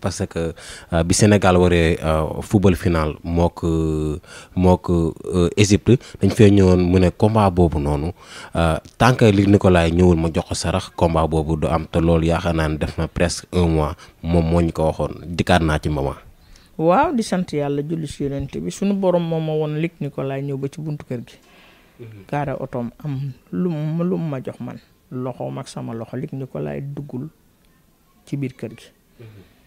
parce que euh, bi Sénégal waree euh, football final mook euh, mook Égypte dañ fee ñëwoon mu ne combat boobu noonu tant que li Nicolas ñëwul ma jox ko sarax combat boobu du am te loolu yaakaar naa ne def na presque un mois moom moo ñu ko waxoon dikkaat naa ci mama waaw di sant yàlla julli si yonent bi suñu borom moo ma woon Luc Nicolaï ñëw ba ci buntu kër gi. Mm-hmm. gaare otoom am lu mu lu ma jox man loxoom ak sama loxo Luc Nicolaï duggul ci biir kër gi. Mm-hmm.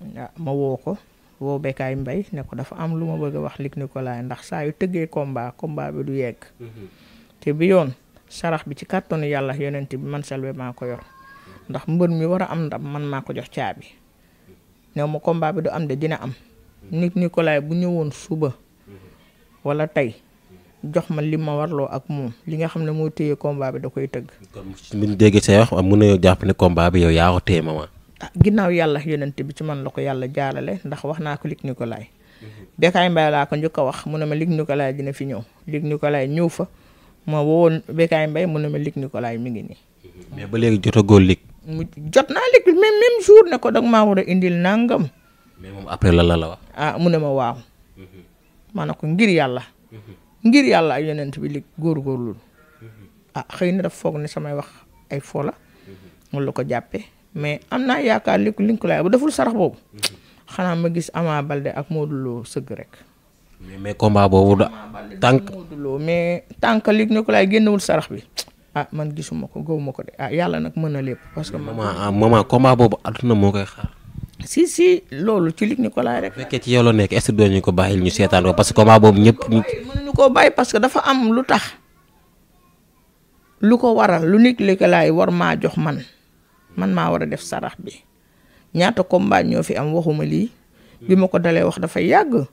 Ah, ma woo ko woo Bécaye Mbaye ne ko dafa am lu ma bëgg a wax Luc Nicolaï ndax saa yu tëggee combat combat bi du yegg. Mhm. te bi yoon sarax bi ci kàttanu yàlla yonent bi man Selbé maa ko yor ndax mbër mi war a am ndam man maa ko jox caabi ne ma combat bi du am de dina am. Luc Nicolaï bu ñëwoon suba wala tey. jox ma li ma warloo ak moom li nga xam ne moo téye kombaa bi da koy tëgg. kon bu ñu say wax mu ne jàpp ne combat bi yow yaa ko téye Ah, ginnaaw yàlla yonent bi ci man la ko yàlla jaarale ndax wax naa ko Luc Nicolaï mhm. Bécaye Mbaye laa ko njëkk a wax mu ne ma Luc Nicolaï dina fi ñëw Luc Nicolaï ñëw fa ma wowoon Bécaye Mbaye mu ne ma Luc Nicolaï mi ngi nii. Mhm. mais ba léegi jotagoo Luc. mu jot naa Luc même même jour ne ko dag maa war a indil nangam. mais moom après la la la wax. ah mu ne ma waaw. Mhm. ma ne ko ngir yàlla. ngir yàlla ak yonent bi Luc góorgóorlu. ah xëy na dafa foog ne samay wax ay fola la. la ko jàppee. mais am naa yaakaar li ko linkulaay bu deful sarax boobu mm-hmm. xanaa ma gis Ama Balde ak Modou Lo sëgg rek. mais mais combat boobu da. tànk Modou Lo mais tànk li linkulaay génnewul sarax bi. ah man gisuma ko gëwuma ko de ah yàlla nag mën na lépp. parce que maman ah, maman combat boobu àdduna moo koy xaar. si si loolu ci Luc Nicolaï rek. bu fekkee ci yow la nekk est-ce que ko bàyyil ñu seetaan ko parce que combat boobu koo bàyyi parce que dafa am lu tax lu ko waral lu Luc Nicolaï war maa jox man. man maa war a def sarax bi ñaata combat ñoo fi am waxuma lii bi ma ko dalee wax dafa yàgg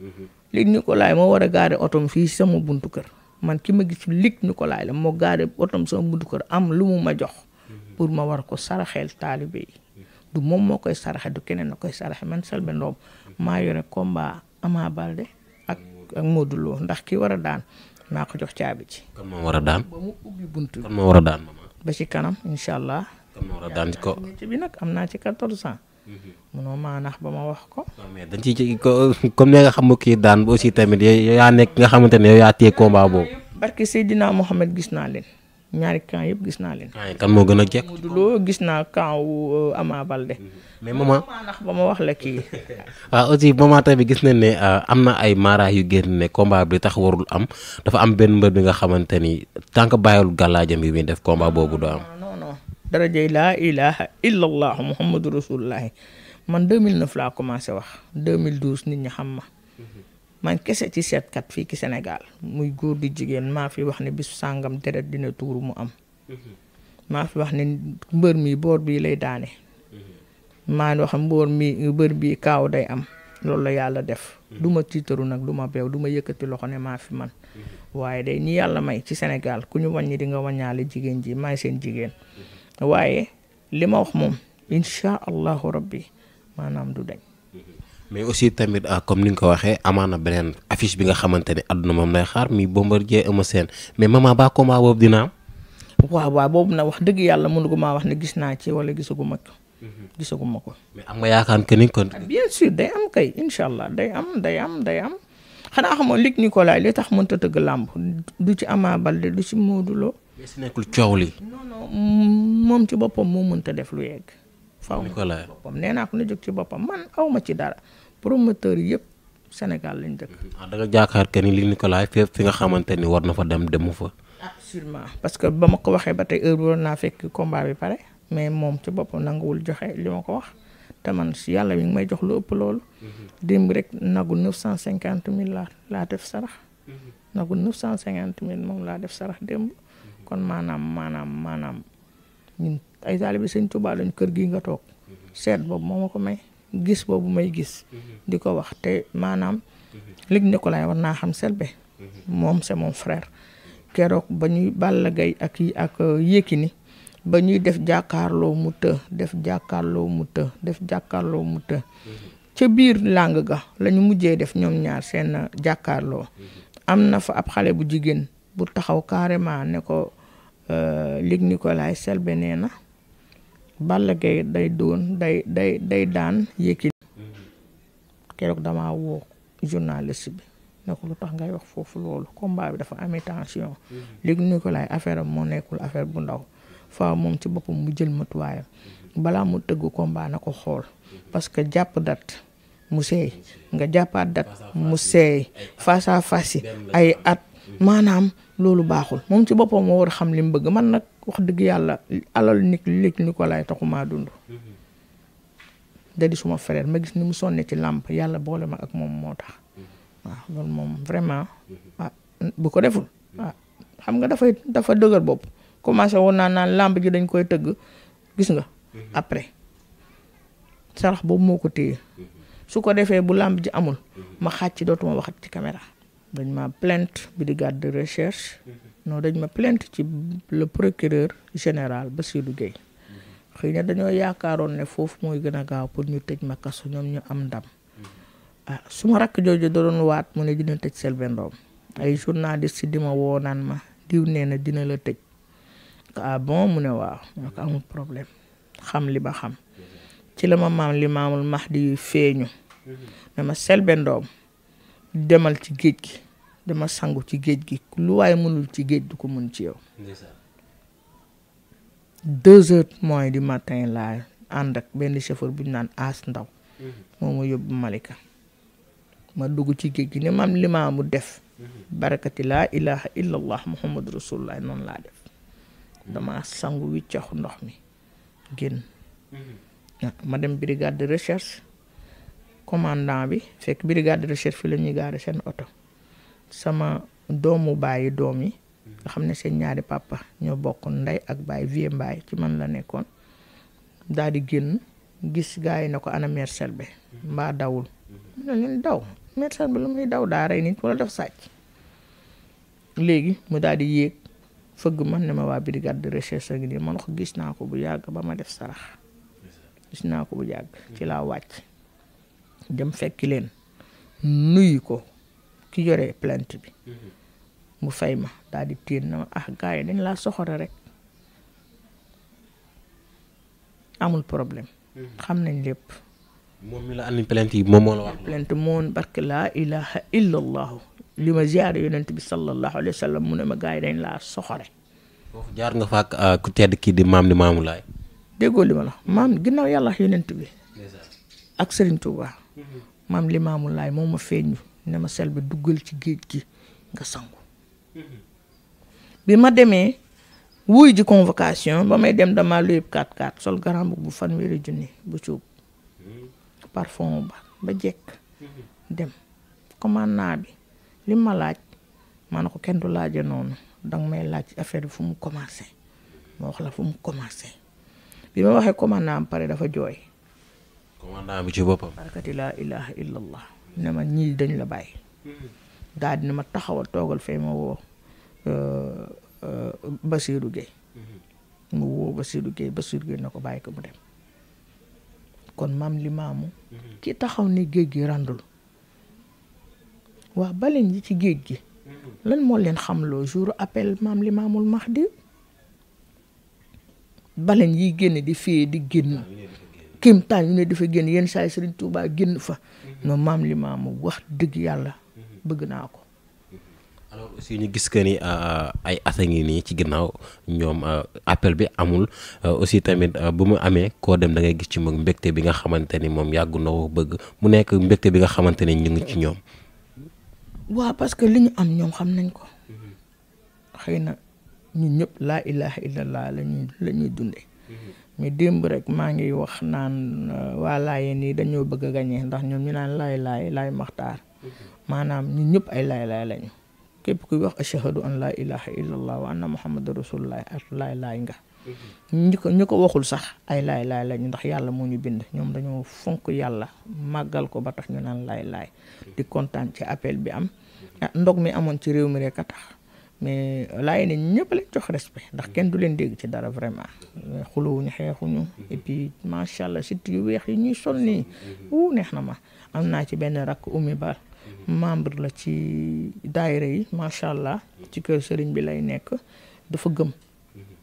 Luc Nicolaï moo war a gaare otom fii sama buntu kër man ki ma gis Luc Nicolaï la moo gaare otom sama buntu kër am lu mu ma jox pour ma war ko saraxeel taalibe yi du moom moo koy saraxe du keneen na koy saraxe man Selbé Ndom maa yore combat Ama Baldé ak ak Modou ndax ki war a daan maa ko jox caabi ci. kan moo war a daan ba mu moo war a daan ba ci kanam incha allah. yaa daan ko nag am naa ci quatorze ans. Mhm. munoo maa nax ba ma wax ko. mais dañ ciy comme ne nga xam kii daan ba aussi tamit yaa nekk nga xamante ne yow yaa téye combat gis naa leen ñaari camp gis naa leen. kan moo gën a jekk. gis naa camp wu euh, Ama mhm. mais maman ndax ba ma wax la kii. waaw ah, aussi maman tamit gis nañ ne euh, am na ay maaraay yu génn ne combat bi tax warul am dafa am benn mbër bi nga xamante ni tant que bàyyiwul gàllaajam bi muy def combat boobu doo am. darajay laa ilaha illallah muhammadu rasulullahi man 2009 laa commencé wax 2012 nit ñi xam ma man kese ci seetkat fii ki senegal muy góor di jigéen maa fi wax ne bisu sàngam deret dina tuur mu am maa fi wax ni mbër mi boor bii lay daane maa wax mboor mi mbër bii kaaw day am loolu la yàlla def du ma tiitaru nag du ma beew du ma yëkkati loxo ne maa fi man waaye day ñi yàlla may ci senegal ku ñu wàññi di nga wàññaale jigéen ji may seen jigéen waaye li ma wax moom incha allahu rabbi maanaam du dañ. mais aussi tamit ah, comme ni nga ko waxee amaana beneen affiche bi nga xamante ne àdduna moom lay xaar mi Bombardier Eumeu Sène mais maman ba combat boobu dina am. waaw waaw boobu nag wax dëgg yàlla mënu ko maa wax ne gis naa ci wala gisagu ma ko. Mhm. gisagu ma ko. mais am nga yaakaar que ni kon. Ah, bien sûr day am kay incha allah day am day am day am xanaa xamoon Luc Nicolaï li tax mënut a tëgg làmb du ci Ama Baldé du ci Modou mais si nekkul coow li non non moom ci boppam moo mënta def lu yegg. fa mu ci boppam nee naa ko na jóg ci boppam man aw ma ci dara promoteur yëpp Sénégal lañ dëkk. Mm-hmm. ah da nga jaakaar que ni li Nicolas fépp fi nga xamante ni war na fa dem demu fa. absolument parce que ba ma ko waxee ba tey heure war naa fekk combat bi pare mais moom ci boppam nanguwul joxe li ma ko wax. te man si yàlla mi may jox lu ëpp loolu. Mm-hmm. démb rek nagu neuf cent cinquante mille laa laa def sarax. Mm-hmm. nagu neuf cent cinquante mille moom laa def sarax démb. kon maanaam maanaam maanaam ñun ay taalibe sëñ Tuubaa lañ kër gi nga toog mhm. seet boobu moo ma ko may gis boobu may gis mhm. di ko wax te maanaam mhm. lig Nikolaay war naa xam Selbé moom c'est mon frère keroog ba ñuy Balla Gaye ak ak euh, Yékini ba ñuy def jàkkaarloo mu të def jàkkaarloo mu të def jàkkaarloo mu ca biir làng ga lañu mujjee def ñoom ñaar seen euh, jàkkaarloo am na fa ab xale bu jigéen bu taxaw carrément ne ko Euh, Luc Nicolaï Selbe nee na Balla day doon day day day daan Yékini keroog damaa woo journaliste bi ne lu tax ngay wax foofu loolu combat bi dafa amee tension Luc Nicolaï affaire am moo nekkul affaire bu ndaw faaw moom ci boppam mu jël matuwaayam balaa mu tëgg combat na ko xool parce que jàpp dat mu seey nga jàppaat dat mu seey face à ay at maanaam loolu baaxul moom ci boppam moo war a xam li mu bëgg man nag wax dëgg yàlla alal nit léegi ni ko laay taxumaa dund. Mm-hmm. da di suma frère ma gis ni mu sonne ci làmp yàlla boole ma ak moom moo tax. Mm-hmm. waaw loolu moom vraiment. Mm-hmm. ah bu ko deful. Ah, xam nga dafay dafa dëgër bopp commencé woon naa naan làmp ji dañ koy tëgg gis nga. après sarax boobu moo ko téye. su ko defee bu làmp ji amul. ma xàcc dootuma wax ci camera dañ ma bi brigade de recherche mm-hmm. non dañ ma plainte ci le procureur général Bassirou Gueye mm-hmm. xëy na dañoo yaakaaroon ne foofu mooy gën a gaaw pour ñu tëj ma kasu ñoom ñu am ndam mm-hmm. ah su ma rakk jooju da doon waat mu ne dina tëj Selbé Ndom ay journaliste di ma woo naan ma diw nee na dina la tëj ah bon mu ne waaw moo ko amul problème xam li ba xam ci la ma maam li maamul Mahdi feeñu dama Selbé Ndom demal ci géej gi dama sangu ci géej gi lu waaye mënul ci géej du ko mën ci yow. deux heures moins du matin laa ànd ak benn chauffeur bu ñu naan aas ndaw. Mm-hmm. moom ma yóbbu Malika. ma dugg ci géej gi ne maam li mu def. Mm-hmm. barakati laa ilaha muhammadu rasulullah noonu laa def. Mm-hmm. dama sangu wiccaxu ndox mi génn. Ah, ma dem brigade de recherche commandant bi fekk brigade de recherche fi la ñuy gaare seen oto. sama doomu baayu doom yi nga xam ne seen ñaari pàppa ñoo bokk ndey ak baay vie mbaay ci man la nekkoon daal génn gis gaa yi na ko ana mère Selbé mbaa dawul mu ne leen daw mère bi lu muy daw daa rey nit wala def sàcc léegi mu daal yéeg fëgg man ne ma waa brigade de recherche ngi nii man ko gis naa ko bu yàgg ba ma def sarax gis naa ko bu yàgg ci laa wàcc dem fekki leen nuyu ko ki yore plainte bi mhm. mu fay ma daal di téye na ma ah gars yi dañ laa soxore rek amul problème mhm. xam nañ lépp moom mi la andi plainte yi moom moo la wax plainte moom barke laa ilaha illa allahu li ma ziare yonent bi sallallahu alayhi wa sallam mu ne ma gars yi dañ laa soxore jaar nga fa ah, ku tedd kii di maam ni maamu déggoo li ma la maam ginnaaw yàlla yonent bi ak Serigne Touba mhm. maam li maamu laay ma feeñu ne ma sel bi duggal ci géej gi nga sangu mhm. bi ma demee wuy ji convocation ba may dem dama lu yëpp 4 sol garambu bu fanweeri junni bu cuub mhm. parfum ba ba jekk mhm. dem commande bi li ma laaj ma ne ko kenn du laaje noonu danga may laaj affaire bi fu mu commencé ma wax la fu mu commencé bi ma waxee commande am pare dafa jooy commande naa ci boppam ne ma ñii dañ la bàyyi. Mm-hmm. daal dina ma taxawal toogal fee ma woo euh, euh, Basirou Gueye. Mm-hmm. mu woo na ko bàyyi ko mu dem. kon maam li maamu. Mm-hmm. ki taxaw ne géej gi randul. waa baleine yi ci géej gi. lan moo leen xamloo jour appel maam li maamul di baleine yiy génn di fee di génn. kiimtaan yu ne dafa génn yenn saa yi Serigne Touba génn fa mhm. no maam li maamu wax dëgg yàlla mhm. bëgg naa ko mhm. alors ñu gis que ni euh, ay at a nii ci ginnaaw ñoom euh, appel bi amul euh, aussi tamit bu mu amee koo dem dangay gis ci moom mbégte bi nga xamante ni moom yàggu na bëgg mu nekk mbégte bi nga xamante ni ñu ngi ci ñoom waaw parce que li ñu am ñoom xam nañ ko xëy na ñun ñëpp laa ilaha illallah lañuy dunde mais démb rek maa ngi wax naan euh, waa Laayeen yi dañoo bëgg a gañee ndax ñoom ñu naan laay laay laay maxtaar maanaam ñu ñëpp ay laay laay lañu képp kuy wax ashhadu an laa ilaha illallah wa anna muhammadu rasulullah ak laay laay nga ñu ko ñu ko waxul sax ay laay laay lañu ndax yàlla moo ñu bind ñoom dañoo fonk yàlla màggal ko ba tax ñu naan laay laay di kontaan ci appel bi am ah, ndog mi amoon ci réew mi rek a tax mais laay ne ñëpp leen jox respect ndax kenn du leen dégg ci dara vraiment xulowuñu xeexuñu et puis macha allah surtout yu weex yi ñuy sol nii wu neex na ma am naa ci benn rakk Oumy Ba membre la ci daayira yi macha allah ci kër sëriñ bi lay nekk dafa gëm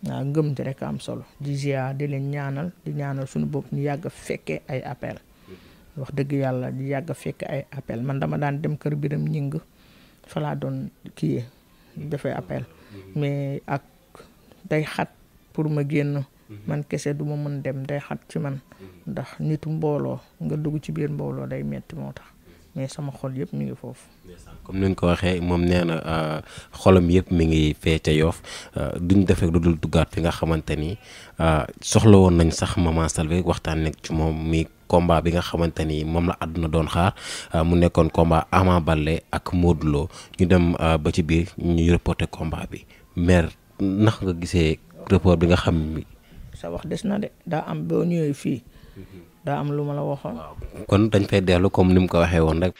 waaw ngëm te rek am solo di ziar di leen ñaanal di ñaanal suñu bopp ñu yàgg a ay appel wax dëgg yàlla di yàgg a fekke ay appel man dama daan dem kër biram ñing falaa doon kii defee appel mais ak day xat pour ma génn man kese du ma mën dem day xat ci man ndax nitu mbooloo nga dugg ci biir mbooloo day metti moo tax mais sama xol yëpp mu ngi foofu. comme ni nga ko waxee moom nee na euh, xolam yëpp mi ngi fee ca yoof euh, duñ def rek lu dul duggaat fi nga xamante ni euh, soxla woon nañ sax maman Selbé waxtaan nekk ci moom mi combat bi nga xamante ni moom la àdduna doon xaar euh, mu nekkoon combat Ama Baldé ak Modou ñu dem euh, ba ci biir ñu reporté combat bi maire ndax nga gisee report bi nga xam ni. sa wax des na de daa am boo ñëwee fii daa am lu ma la waxoon. kon dañ fay dellu comme ni mu ko waxee woon rek.